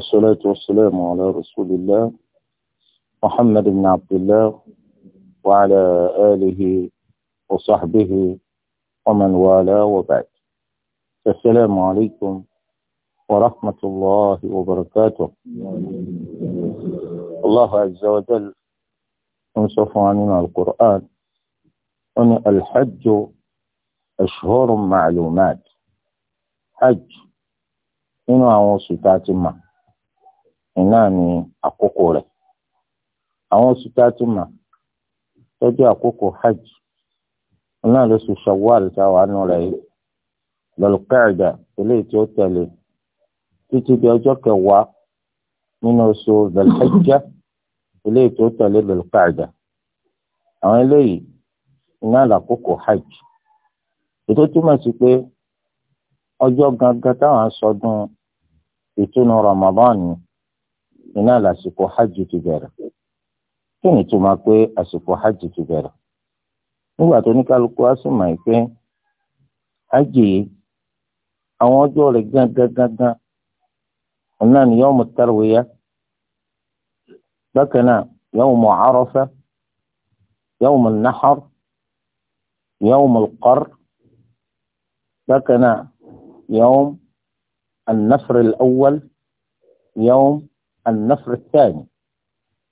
والصلاة والسلام على رسول الله محمد بن عبد الله وعلى آله وصحبه ومن والاه وبعد السلام عليكم ورحمة الله وبركاته الله عز وجل انصف عننا القرآن أن الحج أشهر معلومات حج إنه عوصي تعتمه iná ni àkókò rẹ̀ àwọn oṣù tá a tún mà tọ́jú àkókò hajj náà lóṣù shawwal táwa nù rẹ̀ yìí lọ́lùkẹ́ẹ̀dà eléyìí tí ó tẹ̀lé títí di ọjọ́ kẹwàá nínú oṣù zalhijja eléyìí tí ó tẹ̀lé lọ́lùkẹ́ẹ̀dà àwọn eléyìí iná làkókò hajj ètò túmọ̀ sí pé ọjọ́ gangan táwọn sọdún ìtúnu ramadan iná lásìkò hajj ti bẹ̀rẹ̀ kí ni tó máa pé àsìkò hajj ti bẹ̀rẹ̀ nígbà tó ní kálukú á sì mọ̀ ẹ́ pé hajj yìí àwọn ọjọ́ rẹ̀ gángangangan náà ni yawmu tarwiya bákan náà yawmu arafa yawmu nahar yawmu alqar bákan náà yawmu an-nafr al النفر الثاني،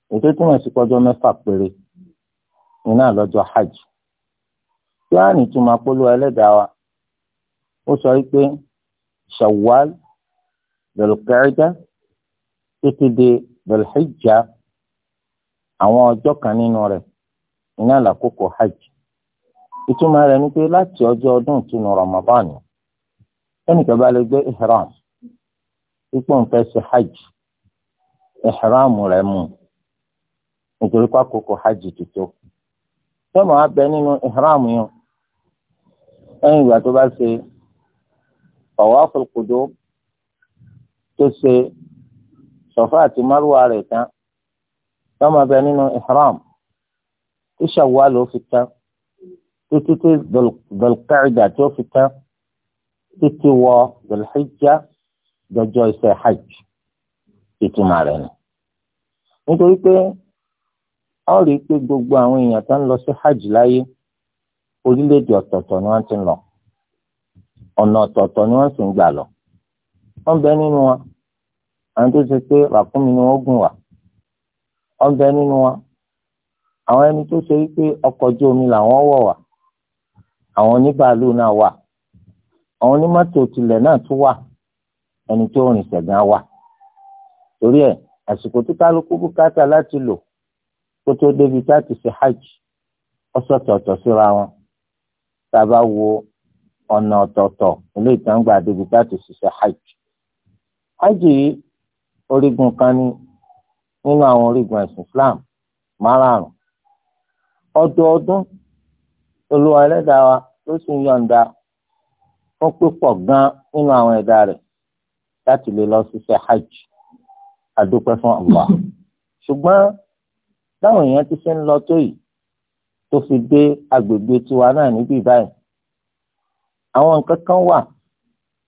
tí wọn sì kọjọ mẹ́fà péré iná lọ́jọ́ حج، يعني á ní túmọ̀ polówó ẹlẹ́dàá wa ó sọ بالحجة، shawwal lọlùkẹrẹdà títí di lọlùhijjá àwọn ọjọ́ kan nínú rẹ̀ iná làkókò hajj ìtumọ̀ rẹ̀ ni pé láti ọjọ́ ọdún ìtúnu ramadan ẹnìkan bá lè gbé ihram ipò ń ṣe hajj ìhìrámù rẹ̀ mú nítorí pákókò hajj tuntun tọ́mọ̀ á bẹ nínú ìhìrámù yẹn lẹ́yìn ìgbà tó bá ṣe tawaful qudum tó ṣe sọ̀fà àti márùwá rẹ̀ tán tọ́mọ̀ bẹ nínú ìhìrámù tí Ṣawwal ló fi tán títí tí dhul tó fi tán títí wọ Dhul-Hijjah dọjọ́ hajj. ìtumọ̀ rẹ̀ nù. nítorí pé a ó rí i pé gbogbo àwọn èèyàn tó ń lọ sí hajj láyé orílẹ̀-èdè ọ̀tọ̀ọ̀tọ̀ ni wọ́n ti ń lọ ọ̀nà ọ̀tọ̀ọ̀tọ̀ ni wọ́n sì ń gbà lọ. wọ́n bẹ nínú wọn àwọn tó ṣe pé ràkúnmi ni wọ́n gùn wá wọ́n bẹ nínú wa. àwọn ẹni tó ṣe wípé ọkọ̀ ojú omi làwọn wọ̀ wá àwọn oníbàálù náà wà àwọn onímọ́tò tilẹ̀ náà tún wà ẹni tó rìn ṣẹ̀gán wà torí ẹ̀ àsìkò tí kálukú bùkátà láti lò kó tó débi tá a ti ṣe hajj ọ̀sọ̀tọ̀ọ̀tọ̀ síra wọn tá a bá wo ọ̀nà ọ̀tọ̀ọ̀tọ̀ ilé ìtàǹgbà débi tá a ti ṣiṣẹ́ hajj. hajj yìí orígun kan ní nínú àwọn orígun ẹ̀sìn Islam márààrún ọdọọdún olúwa ẹlẹ́dàá wa ló sì ń yọ̀ǹda fún pípọ̀ gan nínú àwọn ẹ̀dá rẹ̀ láti lè lọ ṣiṣẹ́ hajj àdúpẹ́ fún Allah ṣùgbọ́n táwọn èèyàn ti ṣe ń lọ tó yìí tó fi dé agbègbè tiwa náà níbí báyìí àwọn nǹkan kan wà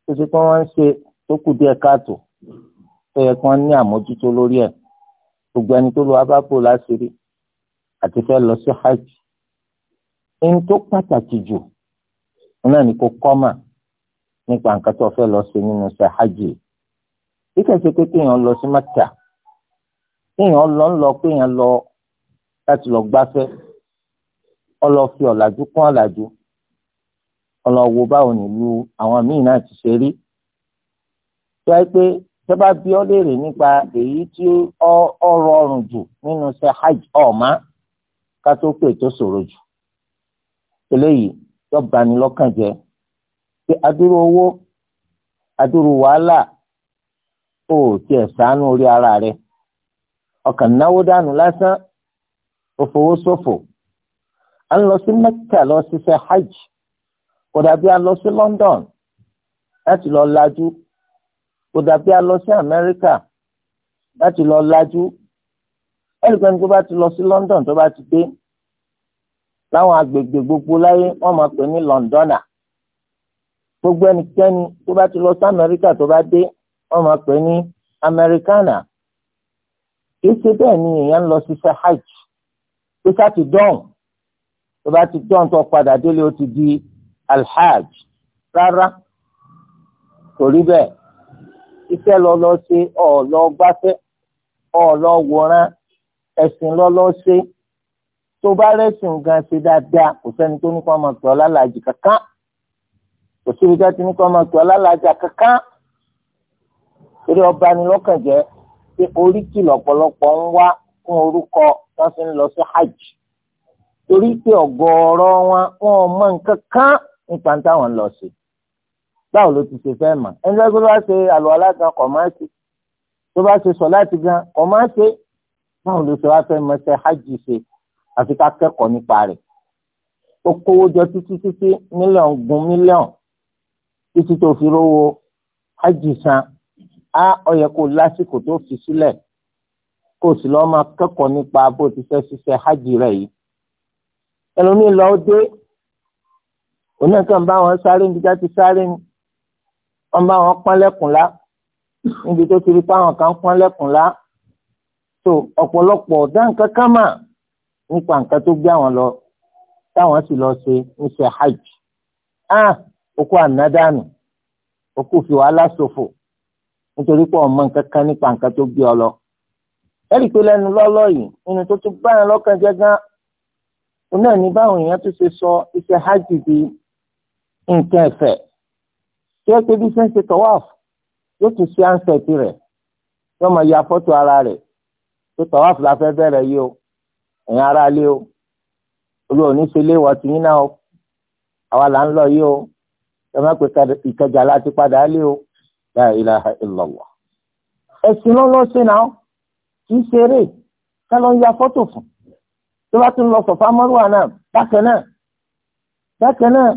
tó ṣe pé wọ́n ń ṣe tó kù díẹ̀ káàtó tó yẹ kí wọ́n ní àmójútó lórí ẹ̀ gbogbo ẹni tó lo abápò láṣìírí àti fẹ́ lọ sí hajj ẹni tó pàtàkì jù náà ni kò kọ́ mà nípa nǹkan tó fẹ́ lọ ṣe nínú ṣe hajj yìí bí kàn ṣe pé kéèyàn lọ sí mẹ́ta kéèyàn lọ ń lọ kéèyàn lọ láti lọ gbáfẹ́ ọlọ fi ọ̀làjú kún ọ̀làjú ọlọ wo báwo nílùú àwọn míì náà ti ṣe rí tó yẹ pé tó bá bí ọ léèrè nípa èyí tí ọ rọrùn jù nínú ṣe hajj ọ̀ma ká tó pè tó ṣòro jù eléyìí yóò bani lọ́kàn jẹ́ pé adúrú owó adúrú wàhálà o ò tiẹ̀ ṣàánú orí ara rẹ ọkàn náwó dànù lásán òfowó ṣòfò à ń lọ sí Mẹ́kà lọ ṣiṣẹ́ hajj kò dàbí a lọ sí London láti lọ lajú kò dàbí a lọ sí Amẹ́ríkà láti lọ lajú ẹnikẹ́ni tó bá ti lọ sí London tó bá ti dé láwọn agbègbè gbogbo láyé wọ́n máa pè ní Londoner gbogbo ẹnikẹ́ni tó bá ti lọ sí Amẹ́ríkà tó bá dé wọ́n máa pè ní americana kìí ṣe bẹ́ẹ̀ ni èèyàn ń lọ ṣiṣẹ́ hajj pé ká ti dán tó bá ti dán tó padà délé ó ti di alhaj rárá torí bẹ́ẹ̀ iṣẹ́ lọ lọ ṣe ọ̀ lọ gbáfẹ́ ọ̀ lọ wòran ẹ̀sìn lọ lọ ṣe tó bá rẹ́sìn gan ṣe dáadáa kò sẹ́ni tó ní kó máa pè ọ́ lálàájì kankan kò síbi tó ti ní kó máa pè ọ́ lálàájì kankan torí ọba ni lọ́kàn jẹ́ pé oríkì lọ́pọ̀lọpọ̀ ń wá fún orúkọ wọn fi ń lọ sí hajj torí pé ọ̀gọ̀ọ̀rọ̀ wọn wọn ò mọ nǹkan kan nípa táwọn ń lọ sí báwo ló ti ṣe fẹ́ mọ̀ ẹni tó bá ṣe àlọ́ alágan kọ̀ máa ṣe tó bá ṣe sọ láti gan kọ̀ máa ṣe báwo ló ṣe wá fẹ́ mọ ṣe hajj ṣe àfi ká kẹ́kọ̀ọ́ nípa rẹ̀ ó kówó jọ títí títí mílíọ̀n gún mílíọ̀n títí tó fi rówó hajj san A ó yẹ kó lásìkò tó fi sílẹ̀ kó o sì lọ́ọ́ máa kẹ́kọ̀ọ́ nípa bó ti fẹ́ ṣiṣẹ́ hajj rẹ̀ yìí ẹlòmíín lọ dé òun náà kàn bá wọn sáré níbi tá ti sáré ni wọn bá wọn pọ́n lẹ́kùn lá níbi tó ti rí páwọn kan pọ́n lẹ́kùn lá tó ọ̀pọ̀lọpọ̀ ọ̀dá nǹkan kan mà nípa nǹkan tó gbé àwọn lọ táwọn sì lọ ṣe níṣẹ́ hajj ah òkú ànádànù òkú fi wàhálà ṣòfò. So nítorí pé ọmọ nǹkan kan nípa nǹkan tó gbé ọ lọ ẹ̀rí pé lẹ́nu lọ́lọ́ yìí nínú tó tún báyìí lọ́kàn jẹ́ gan òun náà ní báwọn èèyàn tó ṣe sọ iṣẹ́ hajj di nǹkan ẹ̀fẹ̀ tí ó pé bí ṣe ń ṣe tawaf yóò tún ṣe ánsẹ̀tì rẹ̀ yóò máa ya fọ́tò ara rẹ̀ pé tawaf la fẹ́ bẹ̀rẹ̀ yìí o ẹ̀yin ara lé o olú òní ṣe lé wọ́n ti yín náà o àwa là ń lọ yìí o la ilaha illallah ẹ̀sìn lọ́lọ́sìn náà kì í ṣeré ká lọ ya fọ́tò fún tó bá tún lọ sọ̀fà mọ́rùwà náà bákan náà bákan náà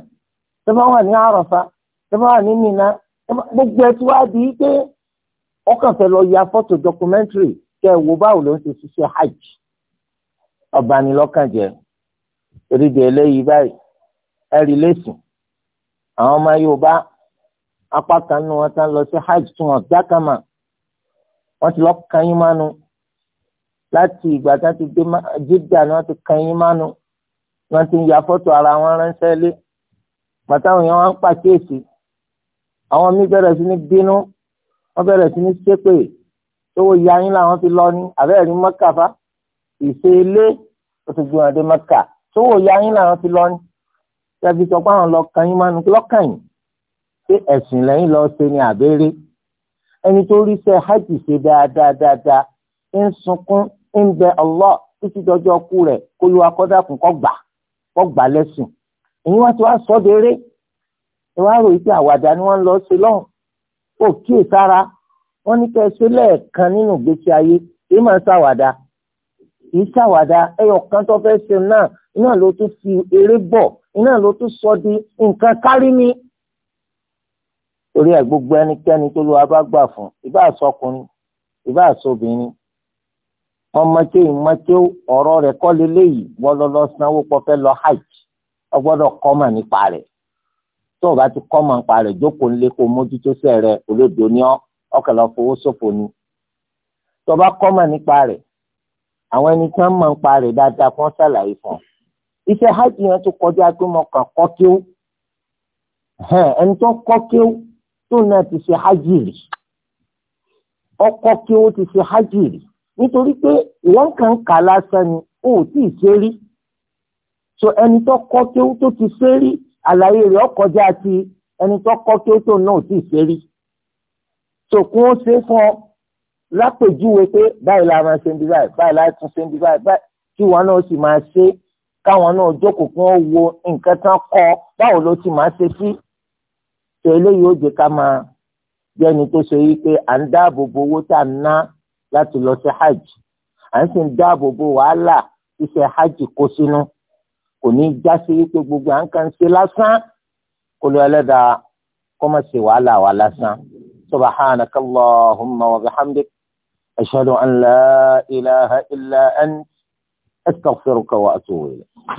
tó bá wà ní àràfà tó bá wà ní mìíná gbogbo ẹ̀ tí wàá di pé ọkàn fẹ́ lọ ya fọ́tò documentary kẹ́ ẹ̀ wo báwo ló ń ṣe ṣiṣẹ́ hajj ọ̀bánilọ́kànjẹ́ orídìí eléyìí báyìí ẹ̀rí lẹ́sìn àwọn ọmọ Yorùbá apá kan nu wọn tán lọ sí hajj tún wọn dákàmà wọn ti lọ kàn yín mánu láti ìgbà tí wọn ti dé jíjà ni wọn ti kàn yín mánu wọn ti ń ya fọ́tò ara wọn ránṣẹ́ lé pàtàwọn yẹn wọn ń pàkíyèsí àwọn míín bẹ̀rẹ̀ sí ní bínú wọn bẹ̀rẹ̀ sí ní ṣépè owó ya yín làwọn fi lọ ní àbẹ́rẹ́ ní mọ́kà fa ìṣe ilé ó ti gbìyànjú mọ́kà owó ya yín làwọn fi lọ ní ṣẹ́bi sọ pé àwọn lọ kàn yín mánu lọ́kàn yín ṣé ẹ̀sìn lẹ́yìn lọ ṣe ni àbẹ́rẹ́ ẹni tó rí ṣe hajj ṣe dáadáa dáadáa ń sunkún ń bẹ Allah títí dọjọ́ kú rẹ̀ kó lu akọ́dàkùn kọ́ gbà kọ́ gbà lẹ́sìn èyí wá ti wá sọ déré ẹ wá rò wípé àwàdà ni wọ́n ń lọ ṣe lọ́hùn kò kíyè sára wọ́n ní kẹ́ lẹ́ẹ̀kan nínú ìgbésí ayé èyí máa ń ṣàwàdà èyí ṣàwàdà ẹyọ kan tó fẹ́ ṣe náà iná ló tún fi eré bọ̀ iná ló tún sọ di nǹkan kárí torí ẹ gbogbo ẹnikẹ́ni tó lọ́wọ́ bá gbà fún ìbá àsọkùnrin ìbá àsọbìnrin ọmọké ìmọ̀ké ọ̀rọ̀ rẹ̀ kọ́ leléyìí wọ́n lọ lọ sanwó pọ́fẹ́ lọ hajj ọ gbọ́dọ̀ kọ́mà nípa rẹ̀ tó o bá ti kọ́mà nípa rẹ̀ jókòó nílé kó mójútó sẹ́ rẹ̀ olódò ní ọkàlọ́ fowó ṣòfò ni tó o bá kọ́mà nípa rẹ̀ àwọn ẹni tí wọ́n mọ̀ nípa rẹ̀ dáadáa kó wọ́n fún iṣẹ́ hajj yẹn tó kọjá pé mo kàn kọ́ ẹni tó kọ́ tó náà ti ṣe hajj rí ọkọ kí ó ti ṣe hajj rí nítorí pé ìwọ́n kàn kà lásán ni ó tí ì ṣe rí so ẹni tó kọ́ kí ó tó ti ṣe rí àlàyé rẹ̀ ọkọjá ti ẹni tó kọ́ kí ó tó náà tí ì ṣe rí sòkun ó ṣe fún ọ lápèjúwe pé báyìí la máa ṣe ń bí báyìí la tún ṣe ń bí báyìí kí wọn náà sì máa ṣe káwọn náà jókòó kí wọn wo nǹkan tán kọ báwo ló ti máa ṣe sí tó eléyìí ó jẹ ká máa jẹ́ ẹni tó ṣe wípé à ń dáàbò bo owó tá à ń ná láti lọ sí hajj à ń sì ń dáàbò bo wàhálà iṣẹ́ hajj kó sínú kò ní já sí wípé gbogbo à ń kàn ṣe lásán kó lọ ẹlẹ́dàá kó má ṣe wàhálà wa lásán subhanaka allahumma wa bihamdik ashhadu an la ilaha illa ant astaghfiruka wa